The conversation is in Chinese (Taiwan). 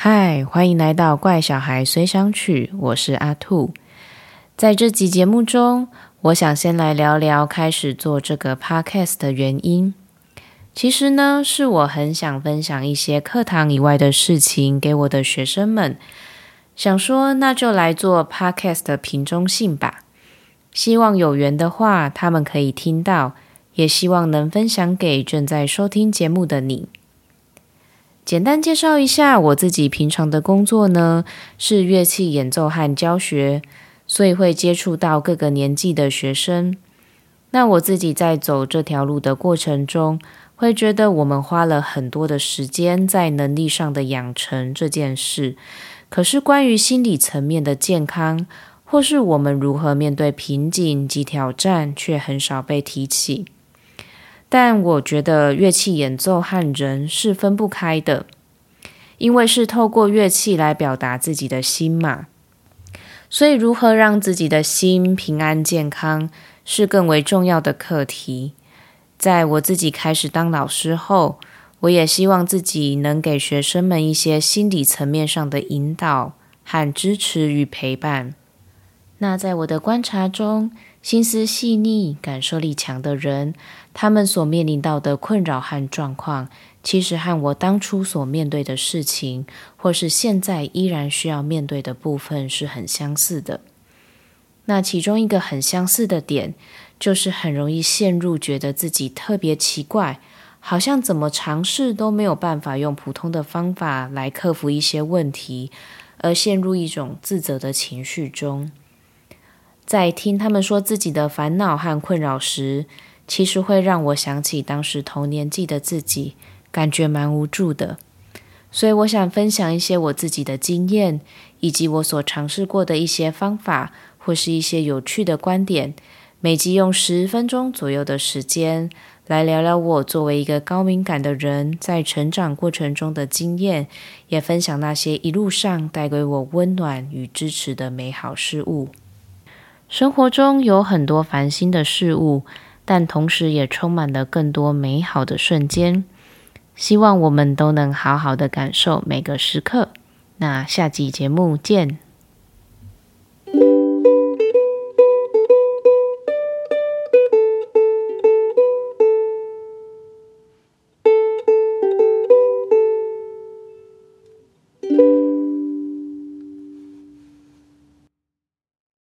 嗨，歡迎來到《怪小孩隨想曲》，我是阿兔。在這集節目中，我想先來聊聊開始做這個 podcast 的原因。其實呢，是我很想分享一些課堂以外的事情給我的學生們。想說，那就來做 podcast 的瓶中信吧。希望有緣的話，他們可以聽到，也希望能分享給正在收聽節目的你。簡單介紹一下我自己，平常的工作呢，是樂器演奏和教學，所以會接觸到各個年紀的學生。那我自己在走這條路的過程中，會覺得我們花了很多的時間在能力上的養成這件事，可是關於心理層面的健康，或是我們如何面對瓶頸及挑戰，卻很少被提起。但我覺得樂器演奏和人是分不開的，因為是透過樂器來表達自己的心嘛。所以，如何讓自己的心平安健康，是更為重要的課題。在我自己開始當老師後，我也希望自己能給學生們一些心理層面上的引導和支持與陪伴。那在我的觀察中，心思細膩、感受力強的人，他們所面臨到的困擾和狀況，其實和我當初所面對的事情，或是現在依然需要面對的部分是很相似的。那其中一個很相似的點，就是很容易陷入覺得自己特別奇怪，好像怎麼嘗試都沒有辦法用普通的方法來克服一些問題，而陷入一種自責的情緒中。在聽他們說自己的煩惱和困擾時，其實會讓我想起當時同年紀的自己，感覺蠻無助的。所以我想分享一些我自己的經驗，以及我所嘗試過的一些方法，或是一些有趣的觀點。每集用十分鐘左右的時間，來聊聊我作為一個高敏感的人在成長過程中的經驗，也分享那些一路上帶給我溫暖與支持的美好事物。生活中有很多煩心的事物，但同時也充滿了更多美好的瞬間。希望我們都能好好的感受每個時刻。那下集節目見。